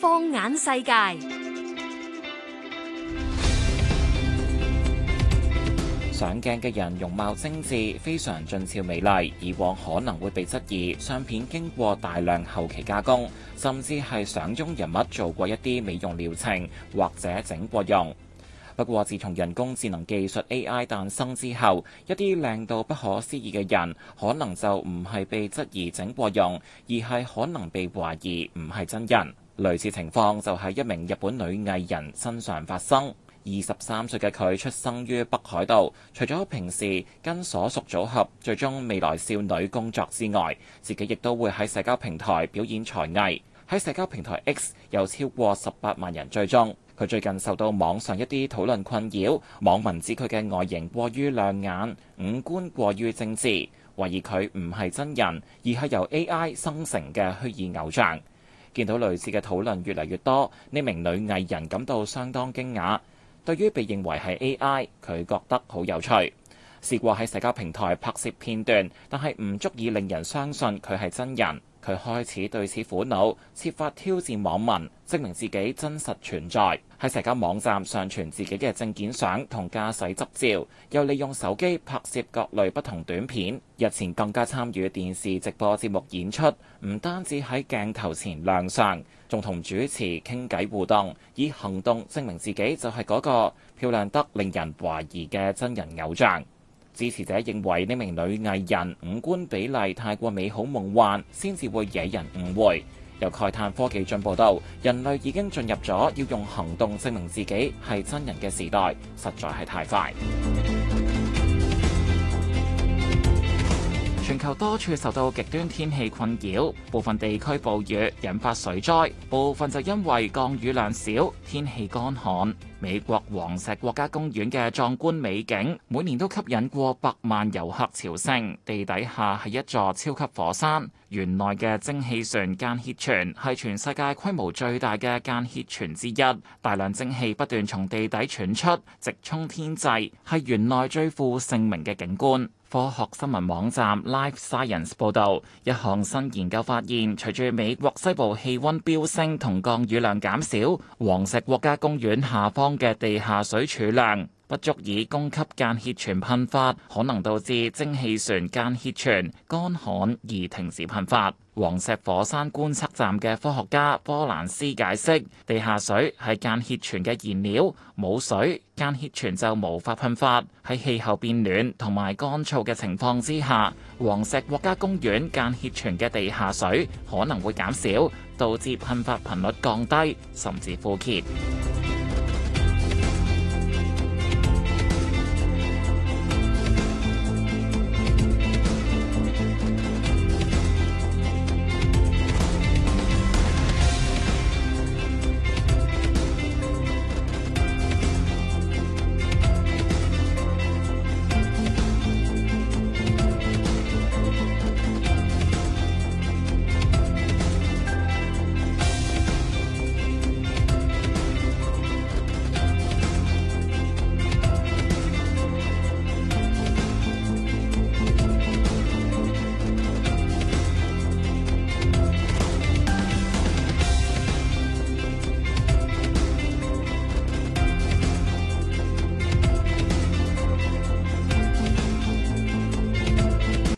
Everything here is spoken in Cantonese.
放眼世界，上鏡嘅人容貌精緻，非常俊俏美麗。以往可能會被質疑，相片經過大量後期加工，甚至係相中人物做過一啲美容療程，或者整過容。不過，自從人工智能技術 AI 誕生之後，一啲靚到不可思議嘅人，可能就唔係被質疑整過容，而係可能被懷疑唔係真人。類似情況就喺一名日本女藝人身上發生。二十三歲嘅佢出生於北海道，除咗平時跟所屬組合《最終未來少女》工作之外，自己亦都會喺社交平台表演才藝。喺社交平台 X 有超過十八萬人追蹤。佢最近受到網上一啲討論困擾，網民指佢嘅外形過於亮眼、五官過於精緻，懷疑佢唔係真人，而係由 AI 生成嘅虛擬偶像。見到類似嘅討論越嚟越多，呢名女藝人感到相當驚訝。對於被認為係 AI，佢覺得好有趣。試過喺社交平台拍攝片段，但係唔足以令人相信佢係真人。佢開始對此苦惱，設法挑戰網民，證明自己真實存在。喺社交網站上傳自己嘅證件相同駕駛執照，又利用手機拍攝各類不同短片。日前更加參與電視直播節目演出，唔單止喺鏡頭前亮相，仲同主持傾偈互動，以行動證明自己就係嗰個漂亮得令人懷疑嘅真人偶像。支持者認為呢名女藝人五官比例太過美好夢幻，先至會惹人誤會。由慨嘆科技進步到人類已經進入咗要用行動證明自己係真人嘅時代，實在係太快。全球多處受到極端天氣困擾，部分地區暴雨引發水災，部分就因為降雨量少，天氣乾旱。美國黃石國家公園嘅壯觀美景，每年都吸引過百萬遊客朝聖。地底下係一座超級火山，園內嘅蒸汽船間歇泉係全世界規模最大嘅間歇泉之一，大量蒸汽不斷從地底傳出，直衝天際，係園內最富盛名嘅景觀。科學新聞網站 Life Science 報導，一項新研究發現，隨住美國西部氣溫飆升同降雨量減少，黃石國家公園下方嘅地下水儲量，不足以供給間歇泉噴發，可能導致蒸氣船間歇泉乾旱而停止噴發。黃石火山觀測站嘅科學家波蘭斯解釋：地下水係間歇泉嘅燃料，冇水間歇泉就無法噴發。喺氣候變暖同埋乾燥嘅情況之下，黃石國家公園間歇泉嘅地下水可能會減少，導致噴發頻率降低甚至枯竭。